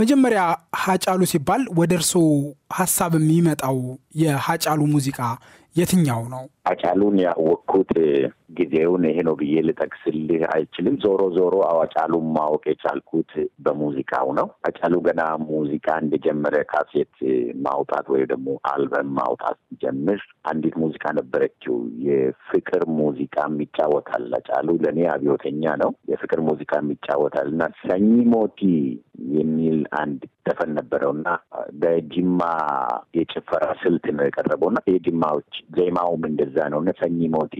መጀመሪያ ሀጫሉ ሲባል ወደ እርስ ሀሳብ የሚመጣው የሀጫሉ ሙዚቃ የትኛው ነው? ሀጫሉን ያወቅኩት ጊዜውን ይሄ ነው ብዬ ልጠቅስልህ አይችልም። ዞሮ ዞሮ አዋጫሉን ማወቅ የቻልኩት በሙዚቃው ነው። አጫሉ ገና ሙዚቃ እንደጀመረ ካሴት ማውጣት ወይ ደግሞ አልበም ማውጣት ሲጀምር አንዲት ሙዚቃ ነበረችው፣ የፍቅር ሙዚቃ የሚጫወታል። አጫሉ ለእኔ አብዮተኛ ነው። የፍቅር ሙዚቃ የሚጫወታል እና ሰኚሞቲ የሚል አንድ ዘፈን ነበረው እና በጅማ የጭፈራ ስልት ነው የቀረበው እና የጅማዎች ዜማውም እንደዛ ነው እና ሰኚ ሞቲ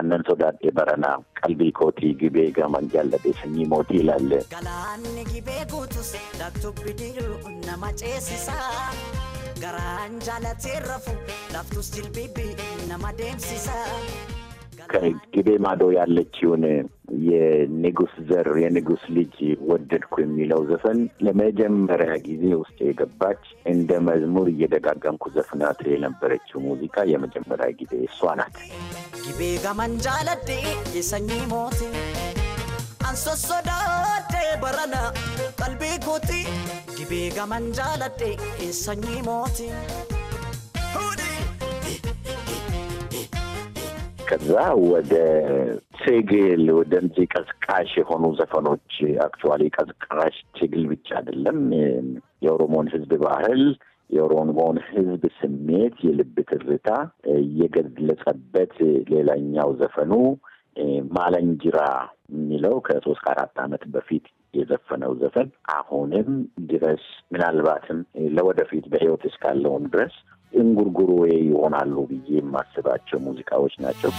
አነን ሶዳዴ በረና ቀልቢ ኮቲ ግቤ ገመንጃለቤ ሰኚ ሞቲ ይላል galaanni gibee guutus laktubbi diruu nama ከግቤ ማዶ ያለችውን የንጉስ ዘር የንጉስ ልጅ ወደድኩ የሚለው ዘፈን ለመጀመሪያ ጊዜ ውስጥ የገባች እንደ መዝሙር እየደጋገምኩ ዘፍናት የነበረችው ሙዚቃ የመጀመሪያ ጊዜ እሷ ናት። ግቤ ገመንጃለዴ የሰኝ ሞት አንሶሶዳዴ በረና ቀልቢ ኩቲ ግቤ ገመንጃለዴ የሰኝ ሞት ከዛ ወደ ትግል ወደዚህ ቀዝቃሽ የሆኑ ዘፈኖች አክቹዋሊ ቀዝቃሽ ትግል ብቻ አይደለም፣ የኦሮሞን ህዝብ ባህል የኦሮሞን ህዝብ ስሜት፣ የልብ ትርታ የገለጸበት ሌላኛው ዘፈኑ ማለንጅራ የሚለው ከሶስት ከአራት ዓመት በፊት የዘፈነው ዘፈን አሁንም ድረስ ምናልባትም ለወደፊት በህይወት እስካለውን ድረስ እንጉርጉሮዬ ይሆናሉ ብዬ የማስባቸው ሙዚቃዎች ናቸው።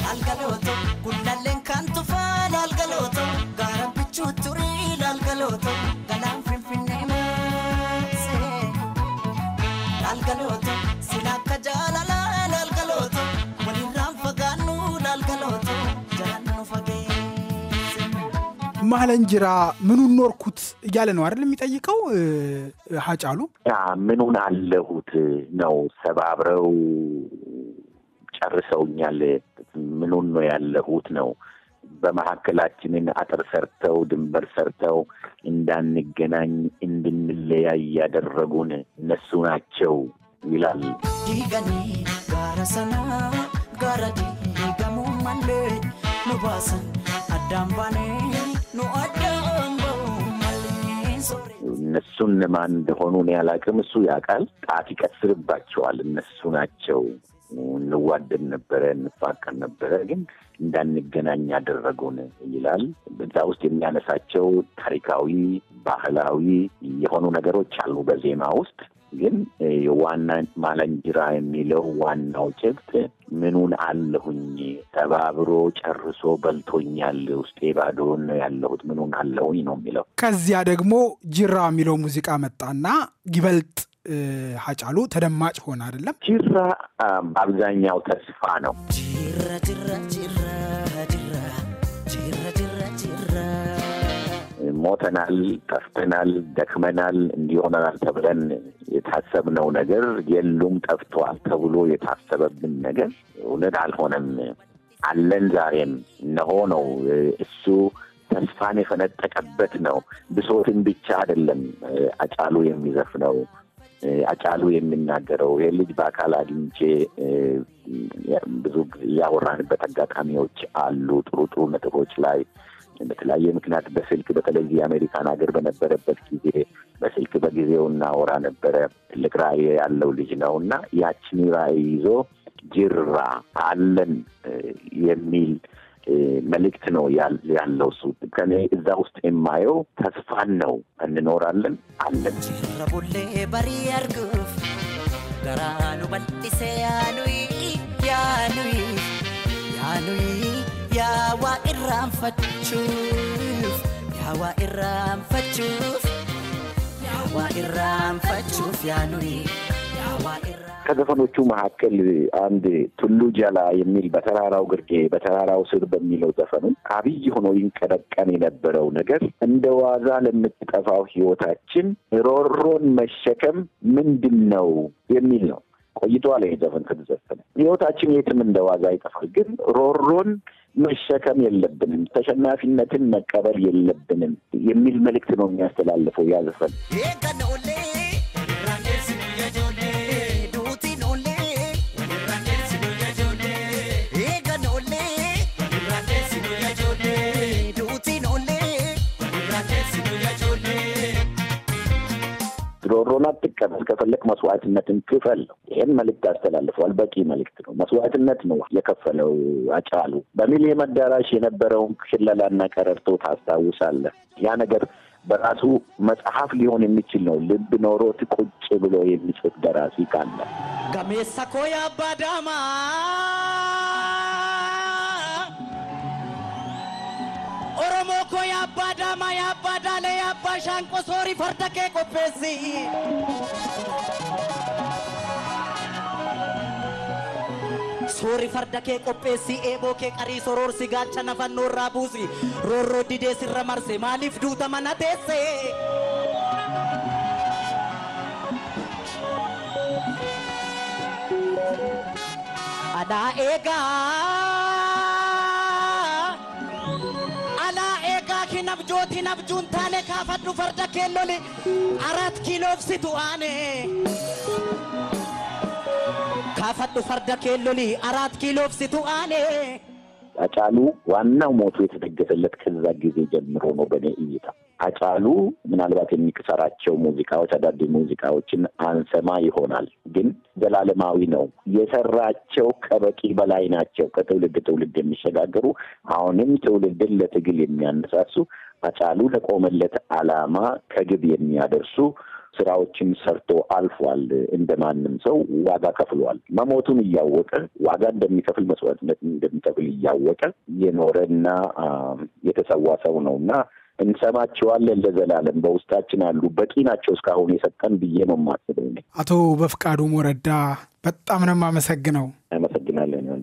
መሀል እንጀራ ምኑን ኖርኩት እያለ ነው አይደል የሚጠይቀው ሀጫሉ። ምኑን አለሁት ነው ሰባብረው ጨርሰውኛል። ምኑን ነው ያለሁት ነው በመካከላችንን አጥር ሰርተው ድንበር ሰርተው እንዳንገናኝ እንድንለያይ ያደረጉን እነሱ ናቸው ይላል። ጋረሰና ጋረ አዳምባኔ እነሱን ለማን እንደሆኑ እኔ አላቅም። እሱ ያውቃል። ጣት ይቀስርባቸዋል። እነሱ ናቸው። እንዋደድ ነበረ፣ እንፋቀር ነበረ፣ ግን እንዳንገናኝ ያደረጉን ይላል። በዛ ውስጥ የሚያነሳቸው ታሪካዊ፣ ባህላዊ የሆኑ ነገሮች አሉ በዜማ ውስጥ ግን የዋና ማለንጅራ የሚለው ዋናው ጭብጥ ምኑን አለሁኝ ተባብሮ ጨርሶ በልቶኛል፣ ውስጤ ባዶን ያለሁት ምኑን አለሁኝ ነው የሚለው። ከዚያ ደግሞ ጅራ የሚለው ሙዚቃ መጣና ይበልጥ ሀጫሉ ተደማጭ ሆነ። አይደለም ጅራ በአብዛኛው ተስፋ ነው። ጅራ ጅራ ጅራ ሞተናል፣ ጠፍተናል፣ ደክመናል እንዲሆነናል ተብለን የታሰብነው ነገር የሉም ጠፍቷል ተብሎ የታሰበብን ነገር እውነት አልሆነም። አለን ዛሬም እነሆ ነው። እሱ ተስፋን የፈነጠቀበት ነው። ብሶትን ብቻ አይደለም አጫሉ የሚዘፍነው አጫሉ የሚናገረው ይህ ልጅ በአካል አግኝቼ ብዙ እያወራንበት አጋጣሚዎች አሉ። ጥሩ ጥሩ ነጥቦች ላይ በተለያየ ምክንያት በስልክ በተለይ የአሜሪካን ሀገር በነበረበት ጊዜ በስልክ በጊዜው እናወራ ነበረ። ትልቅ ራዕይ ያለው ልጅ ነው እና ያችን ራዕይ ይዞ ጅራ አለን የሚል መልእክት ነው ያለው። እሱ ከኔ እዛ ውስጥ የማየው ተስፋን ነው። እንኖራለን አለን ረቡሌ በሪ ገራኑ ያኑይ ያኑይ ያኑይ ከዘፈኖቹ መካከል አንድ ቱሉ ጀላ የሚል በተራራው ግርጌ በተራራው ስር በሚለው ዘፈኑ አብይ ሆኖ ይንቀደቀን የነበረው ነገር እንደ ዋዛ ለምትጠፋው ህይወታችን ሮሮን መሸከም ምንድን ነው የሚል ነው። ቆይቷል ይሄ ዘፈን ከተዘፈነ። ህይወታችን የትም እንደ ዋዛ ይጠፋል፣ ግን ሮሮን መሸከም የለብንም፣ ተሸናፊነትን መቀበል የለብንም የሚል መልእክት ነው የሚያስተላልፈው ያዘፈን እንቀበል፣ ከፈለግ መስዋዕትነትን ክፈል ነው። ይህን መልእክት አስተላልፈዋል። በቂ መልእክት ነው። መስዋዕትነት ነው የከፈለው አጫሉ በሚሊኒየም አዳራሽ የነበረውን ሽለላና ቀረርቶ ታስታውሳለህ? ያ ነገር በራሱ መጽሐፍ ሊሆን የሚችል ነው። ልብ ኖሮት ቁጭ ብሎ የሚጽፍ ደራሲ ካለ ገሜሳ ኮያ አባዳማ I Shanko, sorry for the cake of Pesi. Sorry for the cake of Pesi, Ebo cake, Ariso, or Sigachanava, no Rabuzi, Roro Dides Ramarse, Malif Dutamanatese. Ada ega ዮቲን አብጁን ታኔ ካፈዱ ፈርደ ኬሎሊ አራት ኪሎ ብስቱ አኔ ካፈዱ ፈርደ ኬሎሊ አራት ኪሎ ብስቱ አኔ አጫሉ ዋናው ሞቱ የተደገሰለት ከዛ ጊዜ ጀምሮ ነው። በእኔ እይታ አጫሉ ምናልባት የሚሰራቸው ሙዚቃዎች አዳዲስ ሙዚቃዎችን አንሰማ ይሆናል፣ ግን ዘላለማዊ ነው። የሰራቸው ከበቂ በላይ ናቸው። ከትውልድ ትውልድ የሚሸጋገሩ አሁንም ትውልድን ለትግል የሚያነሳሱ አጫሉ ለቆመለት ዓላማ ከግብ የሚያደርሱ ስራዎችን ሰርቶ አልፏል። እንደማንም ሰው ዋጋ ከፍሏል። መሞቱን እያወቀ ዋጋ እንደሚከፍል መስዋዕትነት እንደሚከፍል እያወቀ የኖረና የተሰዋ ሰው ነው እና እንሰማቸዋለን ለዘላለም በውስጣችን አሉ። በቂ ናቸው እስካሁን የሰጠን ብዬ ነው የማስበው። አቶ በፍቃዱ ሞረዳ በጣም ነው የማመሰግነው። አመሰግናለን።